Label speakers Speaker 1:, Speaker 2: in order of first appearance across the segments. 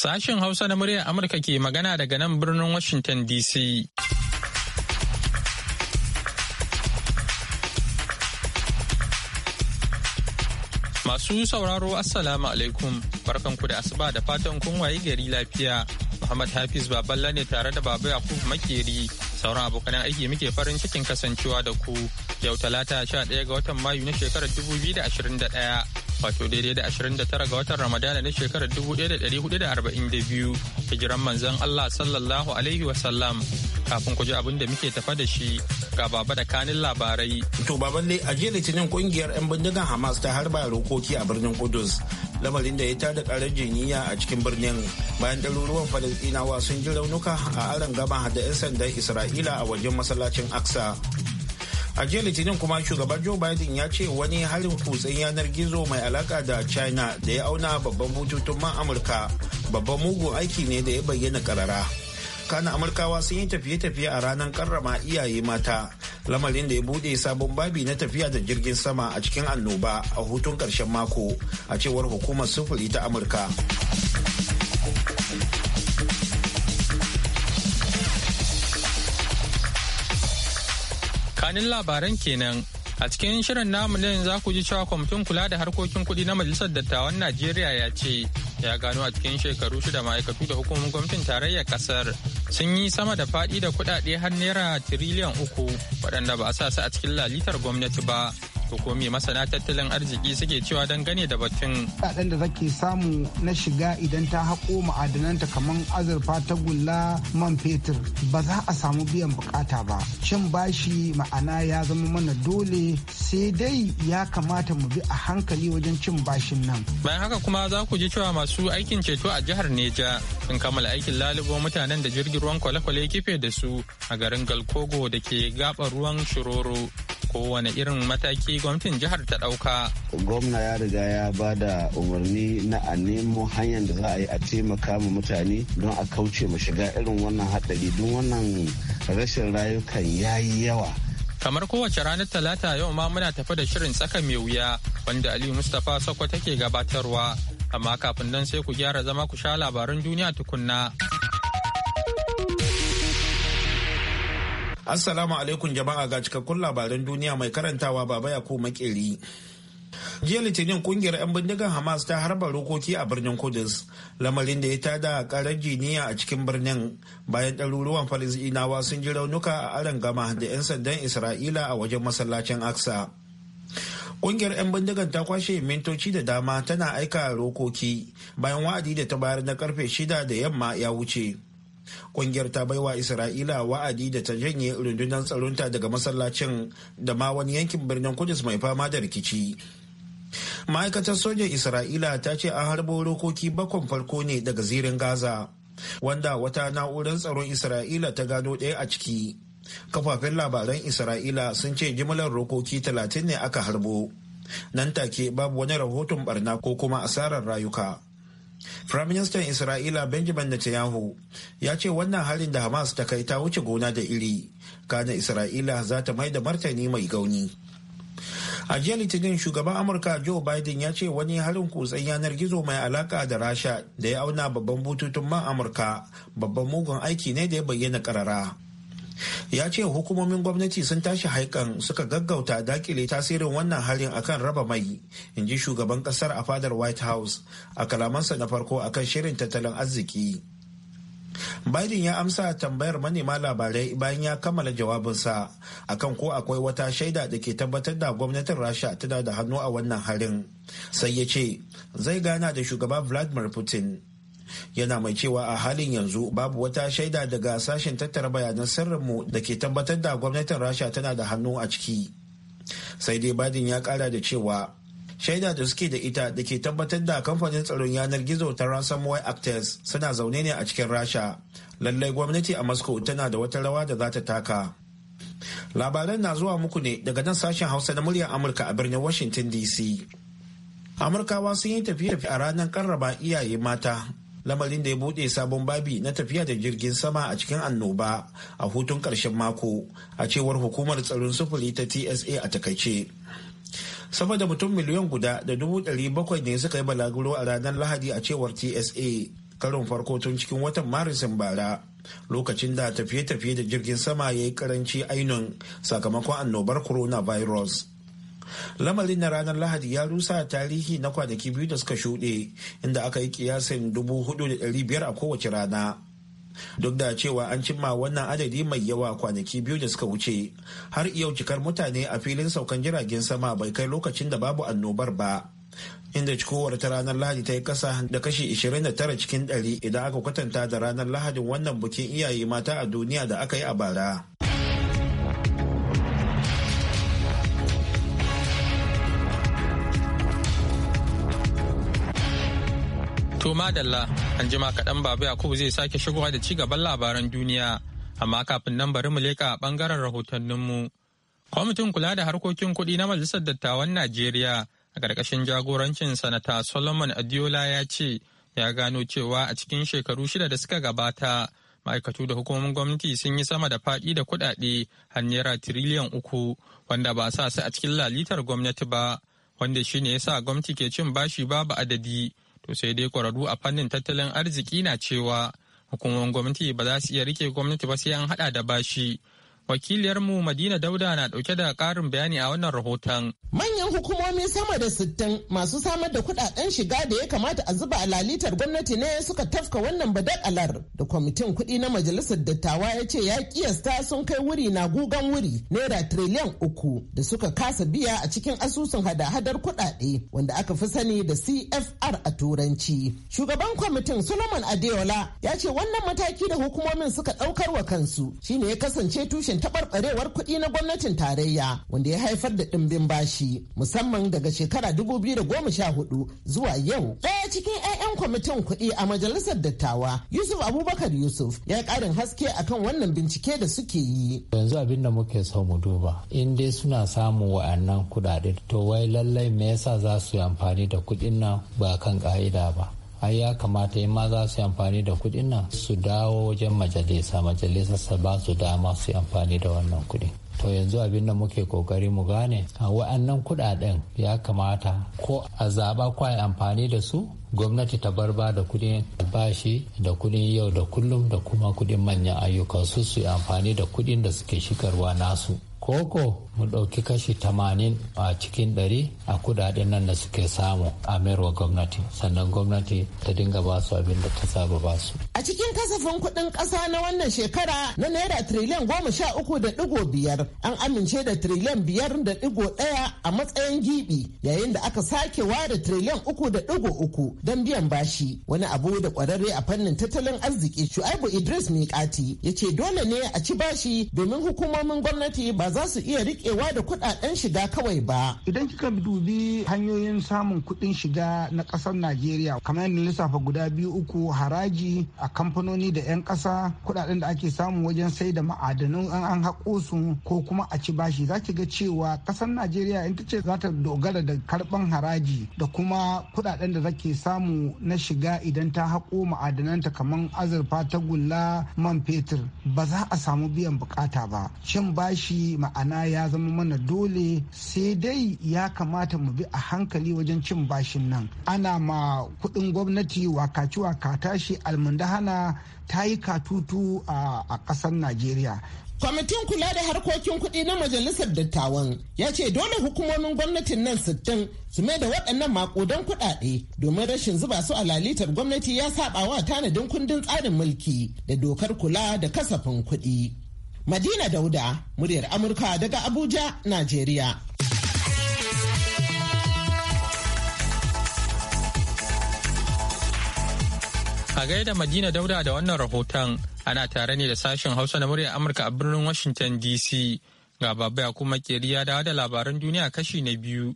Speaker 1: Sashen Hausa na muryar Amurka ke magana daga nan birnin Washington DC. Masu sauraro Assalamu alaikum barkanku da asuba da fatan kun wayi gari lafiya. Muhammad Hafiz Baballa ne tare da Baba Yakubu Makeri sauran abokan aiki muke farin cikin kasancewa da ku yau talata 11 ga watan Mayu na shekarar 2021. wato daidai da ashirin 29 ga watan ramadana na shekarar da 1442 hijiran manzon Allah sallallahu alaihi wasallam kafin ku ji abin da muke tafa da shi ga baba da kanin labarai. To
Speaker 2: baban ne a jiya litinin kungiyar 'yan bindigan Hamas ta harba rokoki a birnin Kudus lamarin da ya tada karar jiniya a cikin birnin bayan ɗaruruwan Falasɗinawa sun ji raunuka a aron gama da 'yan sandan Isra'ila a wajen masallacin Aksa. a jiya litinin kuma shugaban joe biden ya ce wani halin kutsen yanar gizo mai alaka da china da ya auna babban bututun man amurka babban mugun aiki ne da ya bayyana karara kana amurkawa sun yi tafiye-tafiye a ranar karrama iyaye mata lamarin da ya bude sabon babi na tafiya da jirgin sama a cikin annoba a hutun karshen mako a cewar hukumar sufuri
Speaker 1: ta amurka kanin labaran kenan a cikin shirin namu ne za ku ji cewa kwamitin kula da harkokin kuɗi na majalisar dattawan najeriya ya ce ya gano a cikin shekaru shida ma'aikatu da hukumar gwamnatin tarayyar kasar sun yi sama da faɗi da kuɗaɗe har naira tiriliyan uku waɗanda ba a sa su a cikin lalitar gwamnati ba hukumi masana tattalin arziki suke cewa don gane da batun. Kuɗaɗen da zake
Speaker 3: samu na shiga idan ta haƙo ma'adananta kamar azurfa ta gulla man fetur ba za a samu biyan bukata ba. Cin bashi ma'ana ya zama mana dole sai dai ya kamata mu bi a hankali wajen cin bashin nan.
Speaker 1: Bayan haka kuma za ku ji cewa masu aikin ceto a jihar Neja sun kammala aikin lalubo mutanen da jirgin ruwan kwale-kwale kife da su a garin Galkogo da ke gaɓar ruwan Shiroro. Kowane irin mataki gwamnatin jihar ta ɗauka.
Speaker 4: Gwamna ya riga ya ba da umarni na a nemo hanyar da za a yi a taimaka ma mutane don a kauce ma shiga irin wannan haɗari don wannan rashin rayukan ya yi yawa.
Speaker 1: Kamar kowace ranar Talata yau ma muna tafi da shirin tsaka mai wuya wanda Aliyu Mustapha sokoto take gabatarwa. Amma kafin nan sai ku gyara zama ku sha labaran duniya tukunna.
Speaker 2: Assalamu alaikum jama'a ga cikakkun labaran duniya mai karantawa baba ya ko makeri. jiya litinin kungiyar 'yan bindigar hamas ta harba rokoki a birnin kudus lamarin da ya tada karar jiniya a cikin birnin bayan ɗaruruwan falisdinawa sun ji raunuka a aron gama da 'yan sandan isra'ila a wajen masallacin aksa kungiyar 'yan bindigar ta kwashe mintoci da dama tana aika rokoki bayan wa'adi da ta bayar na karfe shida da yamma ya wuce Kungiyar ta baiwa Isra'ila wa'adi da ta janye rundunar tsaronta daga masallacin da ma wani yankin birnin Kudus mai fama da rikici. Ma'aikatar sojan Isra'ila ta ce an harbo rokoki bakon farko ne daga zirin Gaza, wanda wata na'urar tsaron Isra'ila ta gano ɗaya a ciki. Kafafen labaran Isra'ila sun ce jimlar rokoki talatin ne aka harbo. Nan take babu wani rahoton barna ko kuma asarar rayuka. Firaministan Isra'ila Benjamin Netanyahu ya ce wannan harin da Hamas ta kai ta wuce gona da iri, kana Isra'ila za ta mai da martani mai gauni. A jiya Litinin shugaban Amurka Joe Biden ya ce wani harin kutsen yanar gizo mai alaka da Rasha da ya auna babban bututun man Amurka babban mugun aiki ne da ya bayyana karara. ya ce hukumomin gwamnati sun tashi haikan suka gaggauta dakile tasirin wannan harin akan raba mai in ji shugaban kasar a fadar white house a kalamansa na farko akan shirin tattalin arziki biden ya amsa tambayar manema labarai bayan ya kammala jawabinsa akan ko akwai wata shaida da ke tabbatar da gwamnatin rasha tana da hannu a wannan harin sai ya ce zai gana da shugaba vladimir putin yana mai cewa a halin yanzu babu wata shaida daga sashen tattara bayanan sirrinmu da ke tabbatar da gwamnatin rasha tana da hannu a ciki sai dai badin ya kara da cewa shaida da suke da ita da ke tabbatar da kamfanin tsaron yanar gizo ta ransomware actors suna zaune ne a cikin rasha lallai gwamnati a moscow tana da wata rawa da za ta taka labaran na zuwa muku ne daga nan sashen hausa na muryar amurka a birnin washington dc amurkawa sun yi tafiye a ranar karraba iyaye mata lamarin da ya buɗe sabon babi na tafiya da jirgin sama a cikin annoba a hutun ƙarshen mako a cewar hukumar tsaron sufuri ta tsa a takaice sama da mutum miliyan guda da dubu ɗari bakwai ne suka yi balaguro a ranar lahadi a cewar tsa karin farko tun cikin watan marisin bara lokacin da tafiye-tafiye da jirgin sama ya yi karanci ainun sakamakon annobar coronavirus lamarin na ranar lahadi ya rusa tarihi na kwanaki biyu da suka shuɗe inda aka yi kiyasin dubu hudu da ɗari biyar a kowace rana duk da cewa an cimma wannan adadi mai yawa kwanaki biyu da suka wuce har yau cikar mutane a filin saukan jiragen sama bai kai lokacin da babu annobar ba inda cikowar ta ranar lahadi ta yi kasa da kashi 29 cikin 100 idan aka kwatanta da ranar lahadin wannan bukin iyaye mata a duniya da aka yi a bara
Speaker 1: To madalla an jima kaɗan baba Yakubu zai sake shigowa da ci gaban labaran duniya amma kafin nan bari mu leƙa ɓangaren rahotanninmu. Kwamitin kula da harkokin kuɗi na Majalisar Dattawan Najeriya a ƙarƙashin jagorancin Sanata Solomon Adiola ya ce ya gano cewa a cikin shekaru shida da suka gabata ma'aikatu da hukumomin gwamnati sun yi sama da faɗi da kuɗaɗe har naira tiriliyan uku wanda ba sa su a cikin lalitar gwamnati ba wanda shine yasa gwamnati ke cin bashi babu adadi To sai dai kwararru a fannin tattalin arziki na cewa hukumomin gwamnati ba za su iya rike gwamnati ba sai an hada da bashi Wakiliyarmu Madina Dauda na dauke da karin bayani a wannan rahoton.
Speaker 5: Manyan hukumomi sama da sittin masu samar da kudaden shiga da ya kamata a zuba a lalitar gwamnati ne suka tafka wannan badakalar da kwamitin kudi na majalisar dattawa ya ce ya kiyasta sun kai wuri na gugan wuri naira tiriliyan uku da suka kasa biya a cikin asusun hada-hadar kudade wanda aka fi sani da CFR a turanci. Shugaban kwamitin Solomon Adeola ya ce wannan mataki da hukumomin suka daukar wa kansu shine ya kasance tushen dalilin taɓarɓarewar kuɗi na gwamnatin tarayya wanda ya haifar da ɗimbin bashi musamman daga shekara 2014 zuwa yau. Ɗaya cikin 'ya'yan kwamitin kuɗi a majalisar dattawa Yusuf Abubakar Yusuf ya ƙarin haske akan wannan bincike da suke yi. Yanzu abin da muke so mu duba in dai suna samun
Speaker 6: wa'annan kuɗaɗe to wai lallai me yasa za su yi amfani da kuɗin nan ba kan ƙa'ida ba. ai ya kamata in ma za su yi amfani da kuɗin nan su dawo wajen majalisa majalisa su ba su dama su yi amfani da wannan kuɗi to yanzu abin da muke kokari mu gane a wa'annan kuɗaɗen ya kamata ko a zaɓa ko a amfani da su gwamnati ta bar ba da kuɗin albashi da kuɗin yau da kullum da kuma kuɗin manyan ayyuka su su yi amfani da kuɗin da suke shigarwa nasu koko mu ɗauki kashi 80 a cikin 100 a kudaden nan da suke samu a merwa gwamnati sannan gwamnati ta dinga ba su abin da ta saba ba su.
Speaker 5: A cikin kasafin kuɗin ƙasa na wannan shekara na naira triliyan goma sha uku da ɗigo biyar an amince da triliyan biyar da ɗigo ɗaya a matsayin gibi yayin da aka sake ware triliyan uku da ɗigo uku don biyan bashi wani abu da ƙwararre a fannin tattalin arziki Shu'aibu Idris Mikati ya ce dole ne a ci bashi domin hukumomin gwamnati ba ba za su iya riƙewa da kuɗaɗen shiga kawai ba.
Speaker 3: Idan kika dubi hanyoyin samun kuɗin shiga na ƙasar Najeriya kamar yadda lissafa guda biyu uku haraji a kamfanoni da 'yan ƙasa kuɗaɗen da ake samu wajen sai da ma'adanan an haƙo su ko kuma a ci bashi za ki ga cewa ƙasar Najeriya in ta ce za ta dogara da karɓan haraji da kuma kuɗaɗen da zake samu na shiga idan ta haƙo ma'adananta kamar azurfa ta gulla man fetur ba za a samu biyan bukata ba. Shin bashi ma'ana ya zama mana dole sai dai ya kamata mu bi a hankali wajen cin bashin nan ana ma kudin gwamnati wakaci waka tashi almundahana ta yi katutu a kasar
Speaker 5: najeriya kwamitin kula da harkokin kuɗi na majalisar dattawan ya ce dole hukumomin gwamnatin nan sittin su mai da waɗannan makudan kuɗaɗe domin rashin zuba su a lalitar gwamnati ya saɓa wa tanadin kundin tsarin mulki da dokar kula da kasafin kuɗi Madina Dauda, muryar Amurka daga Abuja, Najeriya.
Speaker 1: A gaida Madina Dauda da wannan rahoton ana tare ne da sashen Hausa na muryar Amurka a birnin Washington DC. Ga Ya kuma ya da da labaran duniya kashi na biyu.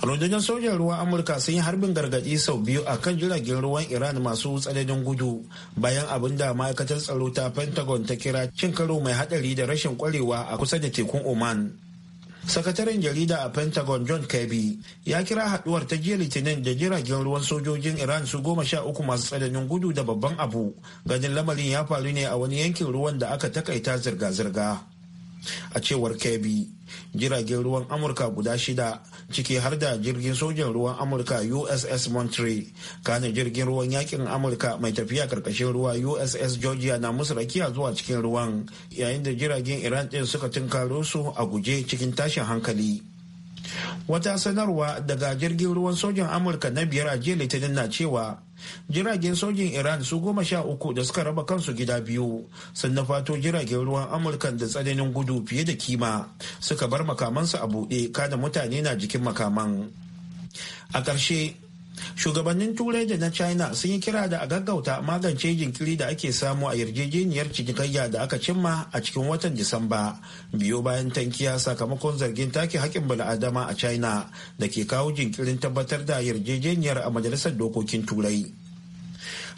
Speaker 2: rundunar sojan ruwan amurka sun yi harbin gargaɗi sau biyu a kan jiragen ruwan iran masu tsananin gudu bayan abin da ma'aikatar tsaro ta pentagon ta kira cin karo mai haɗari da rashin kwarewa a kusa da tekun oman sakataren jarida a pentagon john kirby ya kira haduwar ta jiya litinin da jiragen ruwan sojojin iran su goma sha uku masu tsananin gudu da babban abu ganin lamarin ya faru ne a wani yankin ruwan da aka takaita zirga-zirga a cewar kebi jiragen ruwan amurka guda shida ciki har da jirgin sojan ruwan amurka uss monterey kane jirgin ruwan yakin amurka mai tafiya karkashin ruwa uss georgia na musu rakiya zuwa cikin ruwan yayin da jiragen iran ɗin suka tunkaro su a guje cikin tashin hankali wata sanarwa daga jirgin ruwan sojan amurka na biyar a jiya litinin na cewa jiragen sojin iran su goma sha uku da suka raba kansu gida biyu sun na fato jiragen ruwan amurka da tsananin gudu fiye da kima suka bar makamansu a buɗe kada mutane na jikin makaman a ƙarshe shugabannin turai da na china sun yi kira da a gaggauta magance jinkiri da ake samu a yarjejeniyar cinikayya da aka cimma a cikin watan disamba biyo bayan tankiya sakamakon zargin take haƙƙin bala'adama a china da ke kawo jinkirin tabbatar da yarjejeniyar a majalisar dokokin turai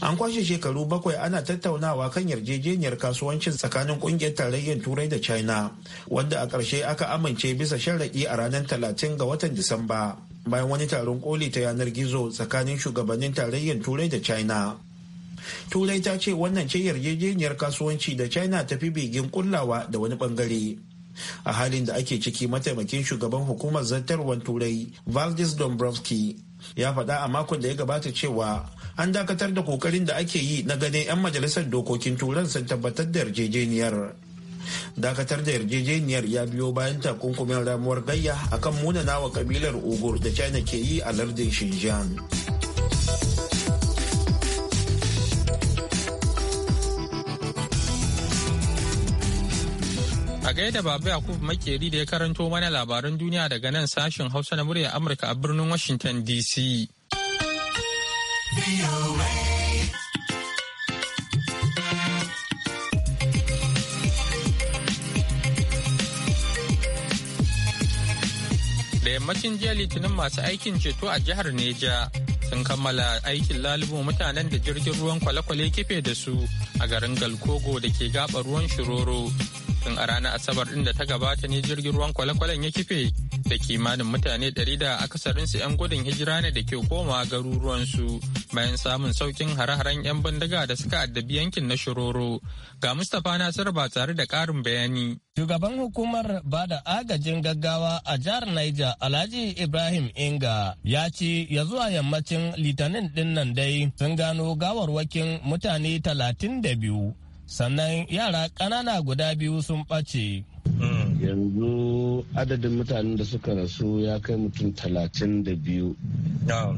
Speaker 2: an kwashe shekaru bakwai ana tattaunawa kan yarjejeniyar kasuwancin tsakanin kungiyar tarayyar turai da china wanda a ƙarshe aka amince bisa sharaɗi a ranar 30 ga watan disamba bayan wani taron koli ta yanar gizo tsakanin shugabannin tarayyar turai da china turai ta ce wannan ce yarjejeniyar kasuwanci da china ta fi bigin kullawa da wani bangare a halin da ake ciki mataimakin shugaban hukumar zartarwar turai valdis dombrovski ya faɗa a makon da ya gabata cewa an dakatar da kokarin da ake yi na ganin 'yan majalisar dokokin turan sun tabbatar da yarjejeniyar dakatar da yarjejeniyar ya biyo bayan takunkumin ramuwar gayya akan wa kabilar ugur da china ke yi a lardin xinjiang
Speaker 1: a gaida babu yakub makeri da ya karanto mana labaran duniya daga nan sashen hausa na murya amurka a birnin washington dc yammacin jiya litinin masu aikin ceto a jihar neja sun kammala aikin lalubo mutanen da jirgin ruwan kwale-kwale kife da su a garin galkogo da ke gaba ruwan shiroro tun a ranar asabar din da ta gabata ne jirgin ruwan kwale-kwalen ya kife da kimanin mutane 100 da akasarinsu 'yan gudun hijira ne da ke komawa garuruwansu bayan samun saukin hare-haren 'yan bindiga da suka addabi yankin na Shiroro. Ga Mustapha Nasir ba tare da karin bayani.
Speaker 7: Shugaban hukumar ba da agajin gaggawa a jihar Niger Alhaji Ibrahim Inga ya ce ya zuwa yammacin litinin din nan dai sun gano gawarwakin mutane 32 sannan yara ƙanana guda biyu sun
Speaker 8: ɓace.
Speaker 4: Mm. yanzu adadin mutanen da suka rasu ya kai mutum talatin da biyu ah,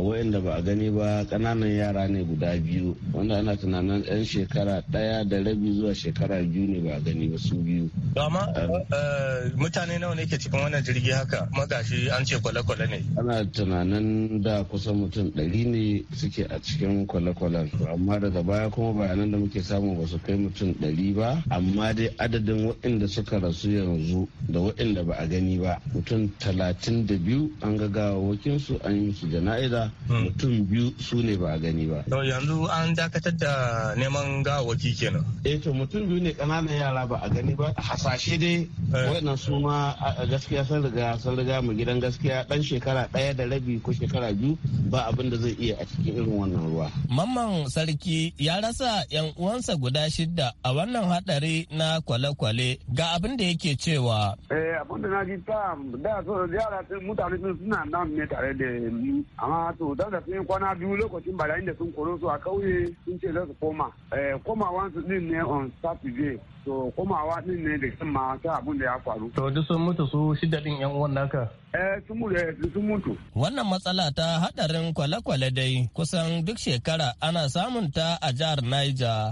Speaker 4: Wa'inda ba a gani ba ƙananan yara ne guda biyu wanda ana tunanin 'yan shekara ɗaya da rabi zuwa shekara biyu ne ba a gani ba su biyu
Speaker 7: amma ah. eh, mutane nawa ne ke cikin wannan jirgi haka magashi an ce kwale-kwale ne
Speaker 4: ana tunanin da kusan mutum ɗari ne suke a cikin kwale-kwalen amma daga baya kuma bayanan da muke samu ba su kai mutum ɗari ba amma dai adadin waɗanda suka rasu yanzu da waɗanda ba a gani ba mutum talatin da biyu an ga gawawakin su an yi su jana'iza hmm. mutum biyu su ne ba a gani ba. yanzu
Speaker 7: an dakatar
Speaker 4: da neman
Speaker 7: gawawaki kenan.
Speaker 4: eh to mutum biyu ne ƙananan yara ba a gani ba hasashe dai eh. waɗannan su ma gaskiya sun riga sun riga mu gidan gaskiya ɗan shekara ɗaya da rabi ko shekara biyu ba abin da zai iya a cikin irin wannan ruwa.
Speaker 7: mamman sarki ya rasa 'yan uwansa guda shidda a wannan haɗari na kwale-kwale ga abin da yake ke cewa.
Speaker 4: Eh abinda na ji ta da so da yara sun mutane sun suna nan ne tare da ni amma to dan da sun kwana biyu lokacin barayin da sun koro su a kauye sun ce za su koma. Eh komawan su din ne on Saturday. To komawa din ne da sun ma ta abin da ya faru.
Speaker 7: To duk sun mutu su shida din yan uwan naka. Eh sun mutu eh, sun mutu. Wannan matsala ta hadarin kwale-kwale dai kusan duk shekara ana samun ta a jihar Niger.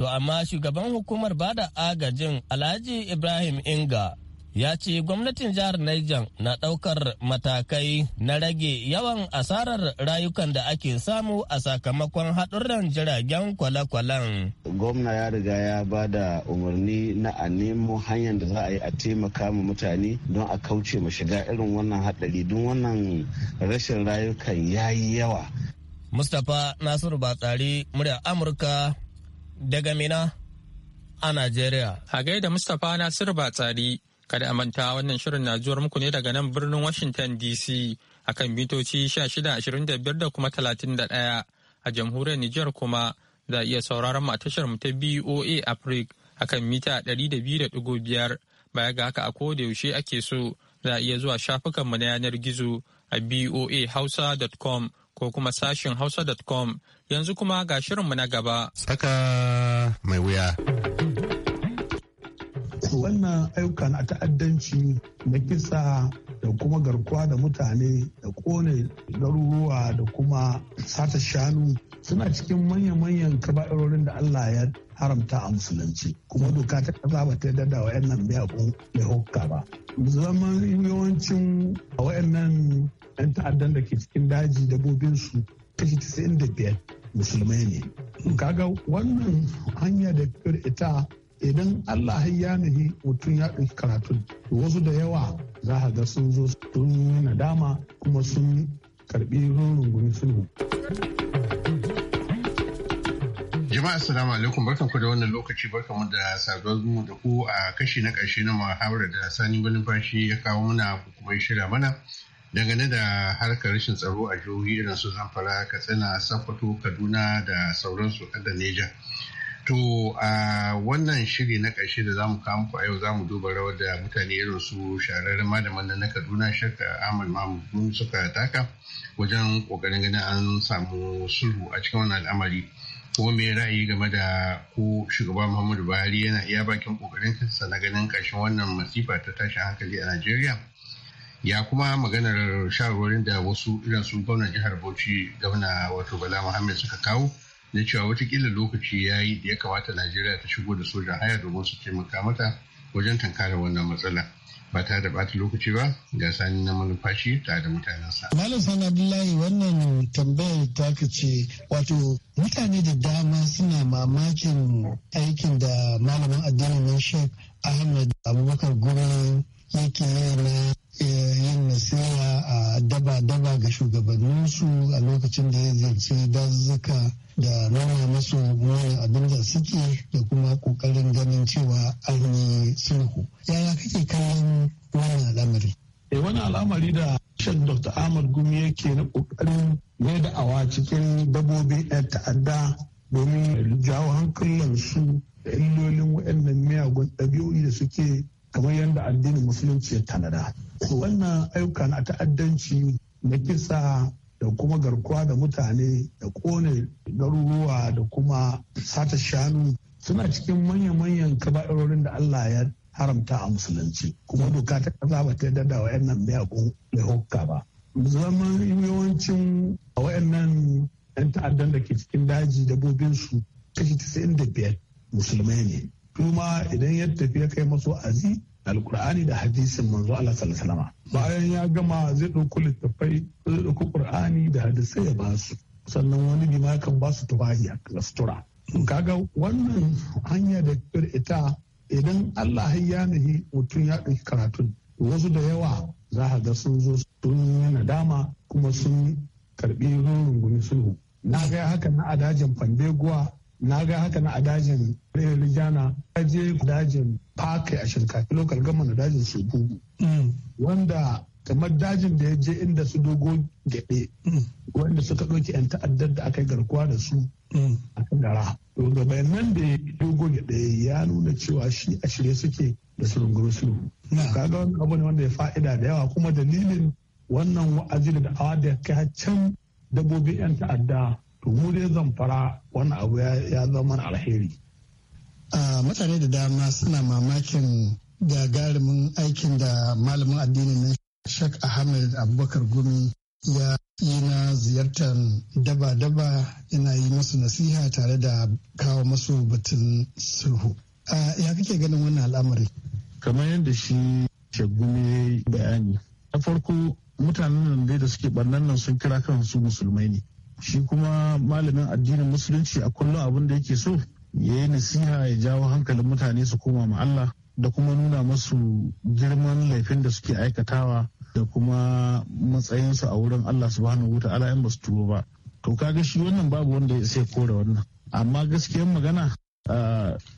Speaker 7: To amma shugaban hukumar bada agajin Alhaji Ibrahim Inga ya ce gwamnatin jihar Niger na ɗaukar matakai na rage yawan asarar rayukan da ake samu a sakamakon haɗurran jiragen kwale-kwalen.
Speaker 4: Gwamna ya riga ya ba da umarni na a nemo hanyar da za a yi a taimaka ma mutane don a kauce ma shiga irin wannan haɗari don wannan rashin rayukan ya yi yawa.
Speaker 7: Mustapha Nasiru Batsari, murya Amurka daga Mina
Speaker 1: a Najeriya. A gaida Mustapha Nasiru Batsari, kada a manta wannan shirin na zuwar muku ne daga nan birnin Washington DC a kan mitoci 1625 da kuma 31 a jamhuriyar Nijar kuma za a iya sauraron mu a tashar mu ta BOA Africa akan mita 200.5 baya ga haka a koda yaushe ake so za a iya zuwa shafukanmu na yanar gizo a boahausa.com ko kuma sashin hausa.com yanzu kuma ga shirinmu na gaba.
Speaker 8: Tsaka mai wuya.
Speaker 9: Wannan ayyuka na ta'addanci na kisa da kuma garkuwa da mutane da kone garuruwa da kuma sata shanu suna cikin manya-manyan kaba'irorin da Allah ya haramta a musulunci kuma doka ta kasa ba ta yarda da wayannan biya kun ya hukka ba zaman yawancin wayannan 'yan ta'addan da ke cikin daji su kashi biyar musulmai ne kaga wannan hanya da ita idan allah ya nahi mutum ya ɗauki karatun wasu da yawa za a ga sun zo sun yi nadama kuma sun karɓi rungumi sulhu
Speaker 8: jama'a assalamu alaikum barkan ku da wannan lokaci barkan mu da saduwar mu da ku a kashi na karshe na muhawarar da sani fashi ya kawo mana kuma shirya mana dangane da harkar rashin tsaro a jihohi irin su zamfara katsina sokoto kaduna da sauransu kada neja to a wannan shiri na ƙarshe da zamu kawo muku a yau zamu duba rawar da mutane irin su shahararren malaman na kaduna shirka ahmad mahmud suka taka wajen ƙoƙarin ganin an samu sulhu a cikin wannan al'amari ko mai ra'ayi game da ko shugaba muhammadu buhari yana iya bakin kokarin sa na ganin ƙarshen wannan masifa ta tashin hankali a najeriya ya kuma maganar shawarwarin da wasu irin su gwamnan jihar bauchi gwamna wato bala muhammad suka kawo na cewa watakila lokaci ya yi da ya kamata najeriya ta shigo da sojan haya domin su taimaka mata wajen tankara wannan matsala ba ta da bata lokaci ba ga sani na manufashi ta da mutanensa.
Speaker 6: Malam Sani Abdullahi wannan tambayar ta ce wato mutane da dama suna mamakin aikin da malamin addinin shek Ahmed Ahmad Abubakar gurin yake yana na eh, yin nasiha a daba-daba ga shugabanninsu a lokacin da ya ziyarci dazuka da nuna masu wani abin da suke da kuma kokarin ganin cewa an yi sulhu. Yaya kake kallon wannan al'amari?
Speaker 9: E eh, wani al'amari da shan Dr. Ahmad Gumi yake na kokarin mai da awa cikin dabobi na ta'adda domin jawo hankalinsu da illolin waɗannan miyagun ɗabi'o'i da suke kamar yadda addinin musulunci ya tanada wannan ayyuka na ta'addanci na kisa da kuma garkuwa da mutane da kone garuruwa da kuma sata shanu suna cikin manya-manyan kaba'irorin da Allah ya haramta a musulunci kuma doka ta kasa ba ta yarda da wayannan miyagun hukka ba zaman yawancin wayannan yan ta'addan da ke cikin daji dabobinsu kashi 95 musulmai ne kuma idan ya tafi ya kai masu azi alkur'ani da hadisin manzo Allah sallallahu bayan ya gama zai ɗauko littattafai zai ɗauko qur'ani da hadisai ya basu sannan wani bima kan basu tubahi a kastura kaga wannan hanya da ita idan Allah ya nahi mutum ya ɗauki karatun wasu da yawa za a ga sun zo sun yi nadama kuma sun karɓi rungumi sulhu na ga haka na adajin fandeguwa na ga haka na a dajin rijana ta je dajin fakai a shinkafi lokal gama na dajin shubu mm. wanda kamar dajin da ya je inda su dogo gyaɗe mm. wanda suka ɗauki 'yan ta'addar da aka yi garkuwa da su mm. a kan gara to da bayanan da ya dogo gyaɗe ya nuna cewa shi a shirye suke da su runguru su kaga wani abu ne wanda ya fa'ida da yawa kuma dalilin wannan wa'azi da da'awa da ya kai can dabbobin 'yan ta'adda to mu dai zan fara wani abu ya zama alheri
Speaker 6: mutane da dama suna mamakin gagarumin aikin da malamin addinin na shak ahmed abubakar gumi ya yi na ziyartar daba-daba yana yi masu nasiha tare da kawo masu batun sulhu ya kake ganin wannan al'amari
Speaker 9: kamar yadda shi yi bayani na farko mutanen nan da suke barnan nan sun kira kansu musulmai ne shi kuma malamin addinin musulunci a kullum abin da yake so ya yi nasiha ya jawo hankalin mutane su koma ma Allah da kuma nuna masu girman laifin da suke aikatawa da kuma matsayinsu a wurin Allah subhanahu wa ta'ala in ba su tuwo ba to kaga shi wannan babu wanda ya sai kore wannan amma gaskiyar magana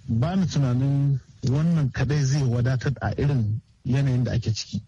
Speaker 9: ba ni tunanin wannan kadai zai wadatar a irin yanayin da ake ciki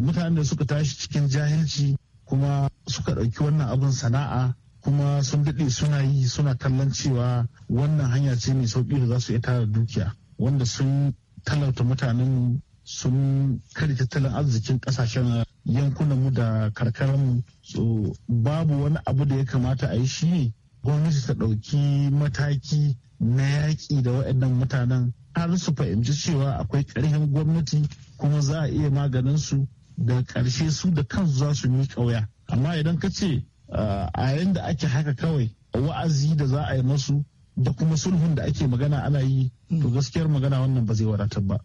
Speaker 9: mutanen da suka tashi cikin jahilci kuma suka ɗauki wannan abin sana'a kuma sun daɗe suna yi suna kallon cewa wannan hanya ce mai sauƙi da za su iya tara dukiya wanda sun talauta mutanen sun karya tattalin arzikin ƙasashen yankunan mu da karkarar mu so babu wani abu da ya kamata a yi shi ne gwamnati ta ɗauki mataki na yaƙi da waɗannan mutanen har su fahimci cewa akwai ƙarfin gwamnati kuma za a iya maganin su da ƙarshe su da kansu za su yi ƙauya amma idan ka ce a yayin da ake haka kawai wa'azi da za a yi masu da kuma sulhun da ake magana ana yi to gaskiyar magana wannan ba zai wadatar ba.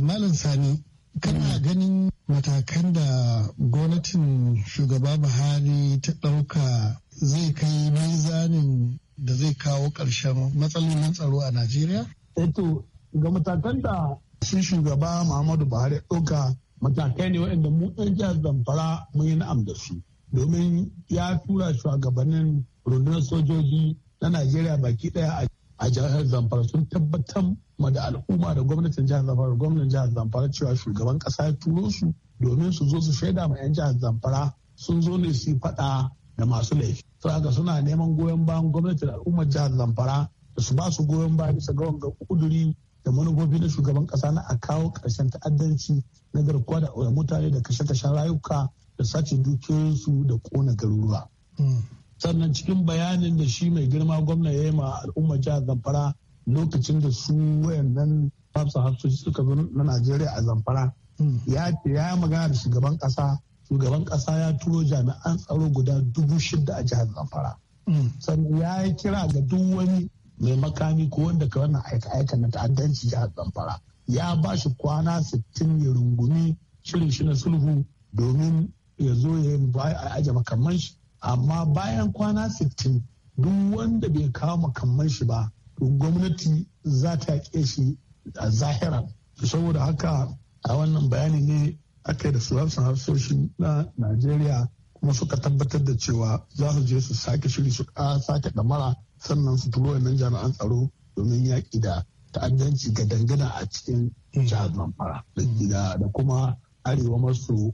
Speaker 6: Malam Sani, kana mm. ganin matakan da gwamnatin shugaba Buhari ta ɗauka zai kai mizanin da zai kawo ƙarshen matsalolin tsaro a Najeriya? Eto, eh ga matakan da shi
Speaker 9: shugaba Muhammadu Buhari ɗauka matakai ne waɗanda mu ɗan jihar Zamfara mun yi na'am da su. domin ya tura shugabannin rundunar sojoji na najeriya baki daya a jihar zamfara sun tabbatar ma da al'umma da gwamnatin jihar zamfara gwamnan jihar zamfara cewa shugaban kasa ya turo su domin su zo su shaida ma 'yan jihar zamfara sun zo ne su faɗa da masu laifi Su haka suna neman goyon bayan gwamnatin al'umma al'ummar jihar zamfara da su ba su goyon baya bisa ga wanga kuduri da manufofi na shugaban kasa na a kawo ƙarshen ta'addanci na garkuwa da mutane da kashe-kashen rayuka da sace dukiyoyinsu da kona garuruwa hmm. sannan cikin bayanin da shi mai girma gwamna ya yi ma al'umma jihar zamfara lokacin da su wayannan hafsa hafsoshi suka zo na najeriya a zamfara hmm. ya ce ya magana da shugaban kasa shugaban kasa ya turo jami'an tsaro guda dubu shida a jihar zamfara hmm. sannan ya yi kira ga duk wani mai makami ko wanda ka wannan aika-aika na ta'addanci jihar zamfara ya ba shi kwana sittin ya rungumi shirin shi na sulhu domin ya zo ya aje makamman shi amma bayan kwana 60 duk wanda bai kawo makamman shi ba gwamnati za ta shi a zahira saboda haka a wannan bayani ne aka yi da sulafsan hafsoshi na najeriya kuma suka tabbatar da cewa za su je su sake shiri su sake damara sannan su turo nan jami'an tsaro domin yaƙi da ta'addanci ga dangana a cikin jihar zamfara da kuma arewa maso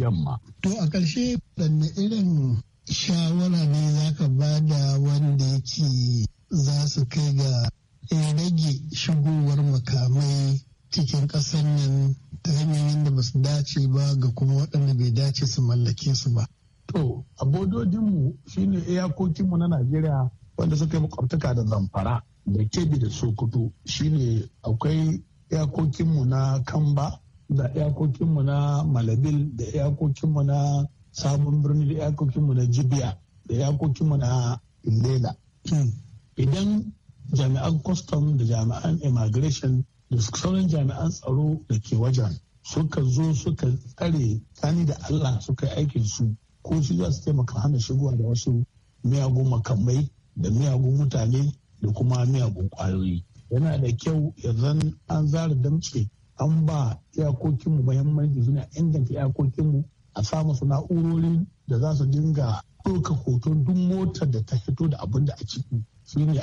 Speaker 9: yamma.
Speaker 6: To a ƙarshe ɗanne irin shawara ne za ka ba da wanda yake za su kai ga rage shigowar makamai cikin ƙasar nan ta hanyoyin yadda ba su dace ba ga kuma waɗanda bai dace su mallake su ba.
Speaker 9: To, a bododinmu shine iyakokinmu na Najeriya wanda suka yi makwabtaka da zamfara da kebi da sokoto shine akwai iyakokinmu na kamba da iyakokinmu na malabil da iyakokinmu na sabon birni da iyakokinmu na jibiya da iyakokinmu na indela idan jami'an custom da jami'an immigration da sauran jami'an tsaro da ke wajen suka zo suka tsare tani da allah suka yi aikin su ko su za su taimaka hana shigowa da wasu miyagun makamai da miyagun mutane da kuma miyagun kwayoyi yana da kyau yanzu an zara damce an ba iyakokinmu muhimmanci suna inganta iyakokinmu a samu su na'urorin da za su dinga ɗauka hoton duk motar da ta fito da abin da a ciki shi ne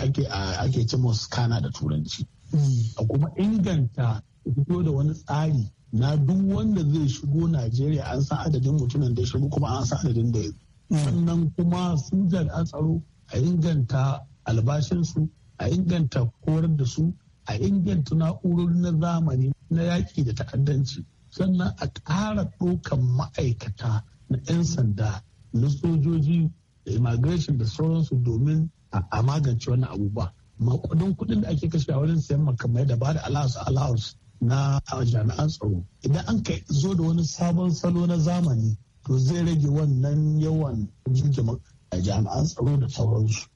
Speaker 9: ake ce kana da turanci a kuma inganta fito da wani tsari na duk wanda zai shigo najeriya an san adadin mutumin da ya shigo kuma an san adadin da ya sannan kuma su an tsaro a inganta albashinsu a inganta korar da su a inganta na'urorin na zamani na yaƙi da ta'addanci sannan a ƙara ɗaukan ma'aikata na 'yan sanda na sojoji da immigration da sauransu domin a magance wani abubuwa makudin kuɗin da ake kashe a wurin sayan makamai da ba da allowance allowance na jami'an tsaro idan an kai zo da wani sabon salo na zamani to zai rage wannan yawan jami'an tsaro da sauransu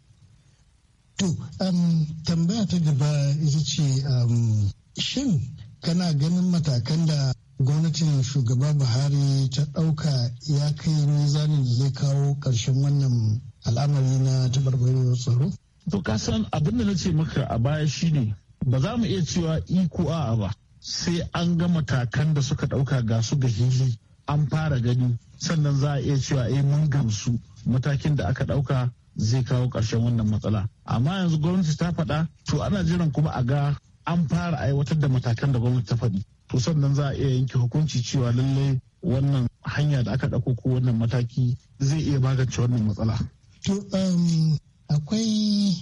Speaker 6: to um, tambaya ta gaba ita ce um, shin kana ganin matakan da gwamnatin shugaba buhari ta ɗauka ya kai mizanin da zai kawo ƙarshen wannan al'amari na tabarbarewar tsaro
Speaker 9: to ka san abin da na ce maka a baya shine ba za mu iya cewa iko a ba sai an ga matakan da suka ɗauka ga su ga hili an fara gani sannan za a iya cewa eh mun gamsu matakin da aka ɗauka zai kawo ƙarshen wannan matsala amma yanzu gwamnati ta faɗa to ana jiran kuma a ga an fara aiwatar da matakan da gwamnati ta faɗi to sannan za a iya yanke hukunci cewa lallai wannan hanya da aka ɗauko ko wannan mataki zai iya magance wannan matsala.
Speaker 6: To um, akwai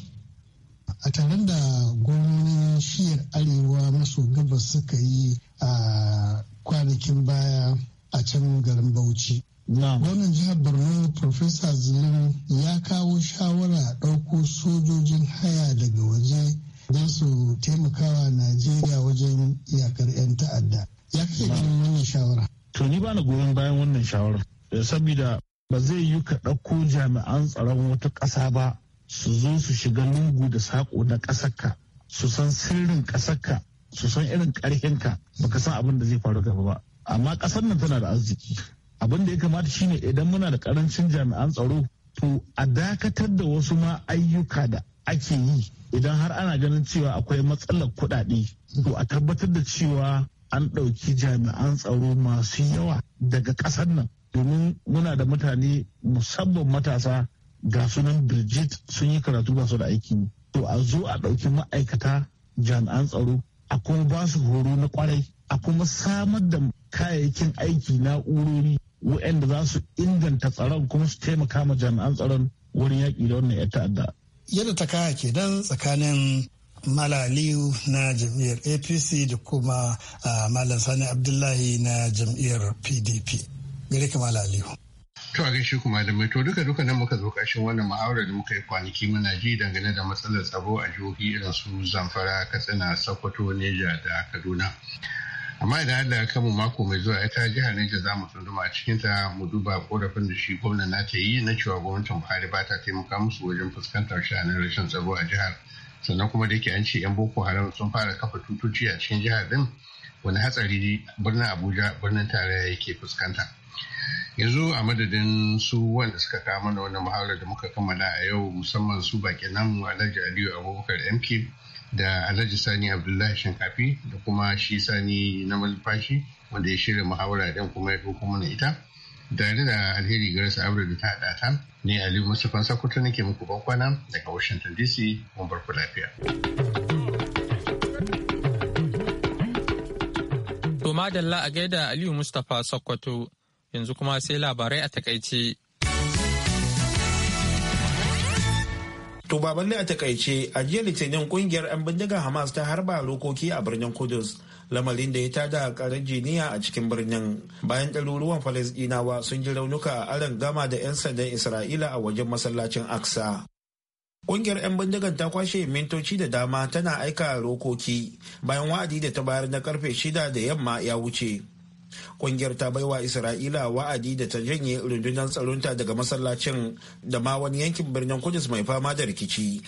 Speaker 6: a taron da gwamnonin shiyar arewa maso gabas suka yi a kwanakin baya a can garin Bauchi. Gwamnan jihar Borno Profesa Zulum ya kawo shawara ɗauko sojojin haya daga waje don su taimakawa najeriya wajen iyakar 'yan ta'adda ya kake ganin wannan shawara
Speaker 9: to ni ba na goyon bayan wannan shawara eh, saboda ba zai yi ka ɗauko jami'an tsaron wata ƙasa ba su zo su shiga lungu da saƙo na ƙasarka su san sirrin ƙasarka su san irin ƙarfinka baka san abin da zai faru gaba ba amma ƙasar nan tana da arziki abin da ya kamata shine idan muna da ƙarancin jami'an tsaro to a dakatar da wasu ma ayyuka da ake yi idan har ana ganin cewa akwai matsalar kuɗaɗe to a tabbatar da cewa an ɗauki jami'an tsaro masu yawa daga ƙasar nan domin muna da mutane musamman matasa ga sunan birjit sun yi karatu ba su da aiki ne. to a zo a ɗauki ma'aikata jami'an tsaro a kuma ba su horo na kwarai a kuma samar da kayayyakin aiki na'urori waɗanda za su inganta tsaron kuma su taimaka ma jami'an tsaron wurin yaƙi da wannan 'yan ta'adda
Speaker 6: yadda ta kaya ke dan tsakanin malaliyu na jam'iyyar apc da kuma malam sani abdullahi na jam'iyyar pdp gare ka malaliyu
Speaker 8: to a gaishe kuma da to duka duka nan muka zo kashin wannan ma'aurar da muka yi kwanaki muna ji dangane da matsalar tsaro a jihohi irin su zamfara katsina sokoto neja da kaduna amma idan allah ya mako mai zuwa ita jihar Niger za mu tsunduma a cikin ta mu duba korafin da shi gwamna na ta yi na cewa gwamnatin buhari ba ta taimaka musu wajen fuskantar shanin rashin tsaro a jihar sannan kuma da yake an ce yan boko haram sun fara kafa tutuci a cikin jihar din wani hatsari birnin abuja birnin tarayya yake fuskanta yanzu a madadin su wanda suka kama mana wannan muhawarar da muka kammala a yau musamman su nan namu alhaji aliyu abubakar mk da alhaji sani abdullahi shinkafi da kuma shi sani na malfashi wanda ya shirya muhawara dan kuma ya ɗauko mana ita tare da alheri ga rasa da ta haɗa ta ne aliyu mustapha sakuta nake muku bankwana daga washington dc mun bar ku lafiya
Speaker 1: to madalla a gaida aliyu mustapha sokoto yanzu kuma sai labarai a takaice
Speaker 2: To ba balle a takaice a jiya litinin kungiyar 'yan bindigar Hamas ta harba rokoki a birnin Kudus lamarin da ya tada karar jiniya a cikin birnin bayan ɗaruruwan Falasɗinawa sun ji raunuka a aron gama da 'yan sandan Isra'ila a wajen masallacin Aksa. Kungiyar 'yan bindigar ta kwashe mintoci da dama tana aika rokoki bayan wa'adi da ta bayar na karfe shida da yamma ya wuce. Ƙungiyar ta baiwa Isra'ila wa'adi da ta janye rundunar tsaronta daga masallacin da ma wani yankin birnin Kudus mai fama da rikici.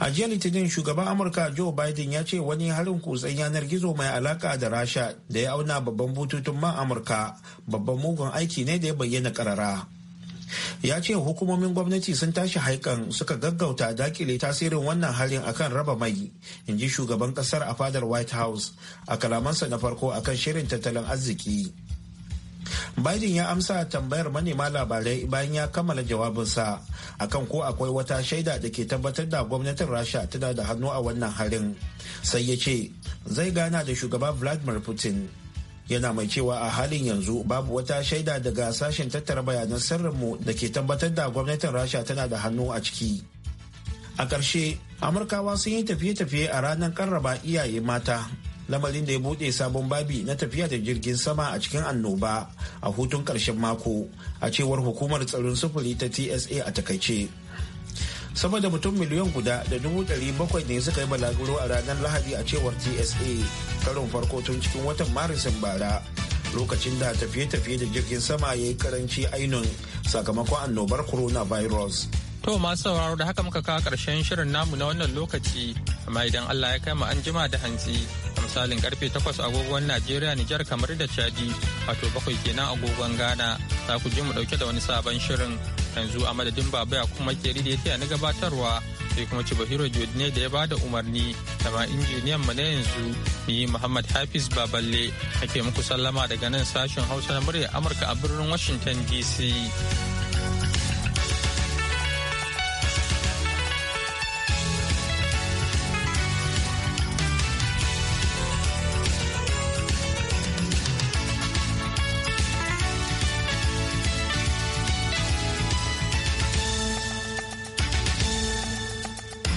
Speaker 2: a jiya litinin shugaban amurka joe biden ya ce wani harin kutsen yanar gizo mai alaka da rasha da ya auna babban bututun man amurka babban mugun aiki ne da ya bayyana karara ya ce hukumomin gwamnati sun tashi haikan suka gaggauta dakile tasirin wannan harin akan raba mai in ji shugaban kasar a fadar white house a kalamansa na farko akan shirin tattalin arziki biden ya amsa tambayar manema labarai bayan ya kammala jawabinsa akan ko akwai wata shaida da ke tabbatar da gwamnatin rasha tana da hannu a wannan harin sai ya ce zai gana da shugaba vladimir putin yana mai cewa a halin yanzu babu wata shaida daga sashen tattara bayanan sirrinmu da ke tabbatar da gwamnatin rasha tana da hannu a ciki a ƙarshe amurkawa sun yi tafiye-tafiye a ranar karraba iyaye mata lamarin da ya buɗe sabon babi na tafiya da jirgin sama a cikin annoba a hutun ƙarshen mako a cewar hukumar tsaron sufuri ta tsa a takaice sama da mutum miliyan guda da dubu ɗari bakwai ne suka yi balaguro a ranar lahadi a cewar tsa karin farko tun cikin watan marisin bara lokacin da tafiye-tafiye da jirgin sama ya yi karanci ainun sakamakon annobar coronavirus.
Speaker 1: To masu sauraro da haka muka kawo karshen shirin namu na wannan lokaci, amma idan Allah ya kai mu an jima da hantsi, a misalin karfe 8 agogon Najeriya Nijar kamar da Chadi, wato bakwai kenan agogon Ghana, za ku je mu dauke da wani sabon shirin. yanzu a madadin baba ya kuma keri da ya na gabatarwa sai kuma ci bahiro jodine da ya ba da umarni da ma injiniyan mu na yanzu ni muhammad hafiz baballe ake muku sallama daga nan sashen hausa na murya amurka a birnin washington dc